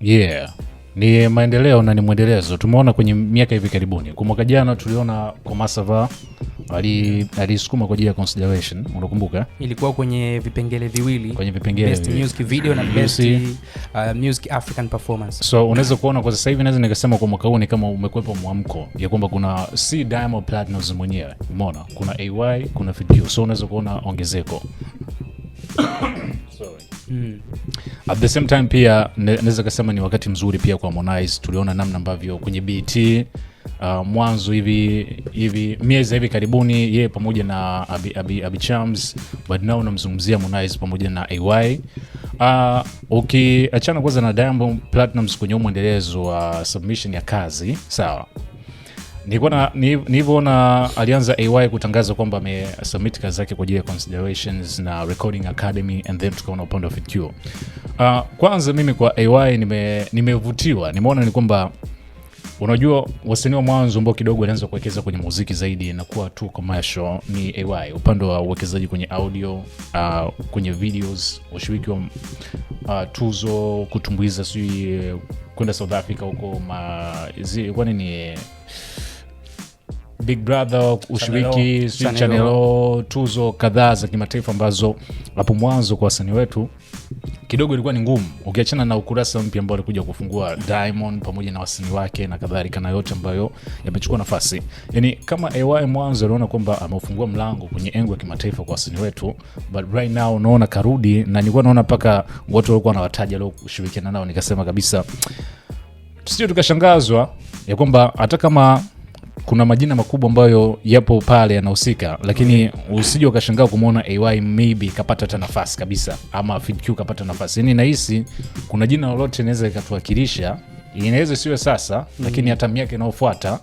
Yeah. Ni maendeleo na ni mwendelezo. Tumeona kwenye miaka hivi karibuni. Kwa mwaka jana tuliona Komasava alisukuma kwa ajili ya consideration, unakumbuka? Ilikuwa kwenye vipengele viwili. Kwenye vipengele best music video na best uh, music African performance. So unaweza kuona kwa sasa hivi naweza nikasema kwa mwaka huu ni kama umekwepa mwamko ya kwamba kuna si Diamond Platnumz mwenyewe, umeona? Kuna AY, kuna video. So unaweza kuona ongezeko Mm. At the same time pia naweza kasema ni wakati mzuri pia kwa Harmonize. Tuliona namna ambavyo kwenye BT uh, mwanzo hivi hivi miezi hivi karibuni yeye pamoja na Abi, Abi, Abi Chams, but now unamzungumzia Harmonize pamoja na AY. Uh, ukiachana kwanza na Diamond Platnumz kwenye mwendelezo wa uh, submission ya kazi sawa nilikuwa nilivyoona alianza AY kutangaza kwamba amesubmit kazi zake kwa ajili ya considerations na Recording Academy and then tukaona upande wa Future. Uh, ah, kwanza mimi kwa AY nime nimevutiwa, nimeona ni kwamba unajua wasanii wa mwanzo ambao kidogo alianza kuwekeza kwenye muziki zaidi na kuwa tu commercial ni AY, upande wa uwekezaji kwenye audio, uh, kwenye videos, washiriki wa uh, tuzo, kutumbuiza sijui eh, kwenda South Africa huko, ma, zi, kwani ni Big Brother ushiriki chanelo, tuzo kadhaa za kimataifa ambazo hapo mwanzo kwa wasanii wetu kidogo ilikuwa ni ngumu, ukiachana na ukurasa mpya ambao alikuja kufungua Diamond pamoja na wasanii wake na kadhalika, na yote ambayo yamechukua nafasi. Yani kama AY mwanzo aliona kwamba ameufungua mlango kwenye engo ya kimataifa kwa wasanii wetu, but right now unaona karudi, na nilikuwa naona mpaka watu walikuwa wanawataja leo kushirikiana nao, nikasema kabisa, sio tukashangazwa ya kwamba hata kama kuna majina makubwa ambayo yapo pale yanahusika, lakini usije ukashangaa kumwona AY maybe kapata hata nafasi kabisa, ama FIDQ kapata nafasi. Yani nahisi kuna jina lolote inaweza ikatuwakilisha, inaweza siwe sasa mm. lakini hata miaka inayofuata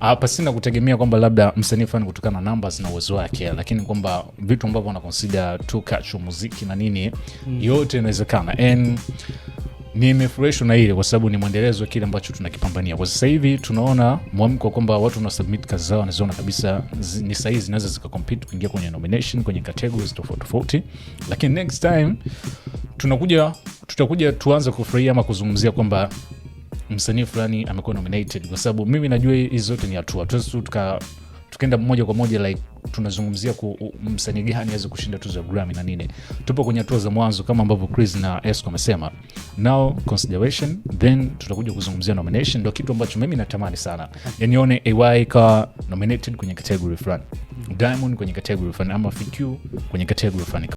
ah, pasina kutegemea kwamba labda msanii fulani kutokana na numbers na uwezo wake, lakini kwamba vitu ambavyo wanakonsida consider muziki na nini mm. yote inawezekana and nimefurahishwa na ile kwa sababu ni mwendelezo kile ambacho tunakipambania kwa sasa hivi. Tunaona mwamko kwamba watu wana submit kazi zao, wanaziona kabisa ni sahihi, zinaweza zikakompete kuingia kwenye nomination kwenye categories tofauti tofauti, lakini next time tunakuja tutakuja tuanze kufurahia ama kuzungumzia kwamba msanii fulani amekuwa nominated, kwa sababu mimi najua hizi zote ni hatua tuka tukienda moja kwa moja like tunazungumzia msanii gani aweze kushinda tuzo ya Grammy na nini, tupo kwenye hatua za mwanzo kama ambavyo Chris na Esco amesema, now consideration, then tutakuja kuzungumzia nomination. Ndio kitu ambacho mimi natamani sana, yani nione AY ka nominated kwenye category fulani, mm. Diamond kwenye category fulani, ama FQ kwenye category fulani.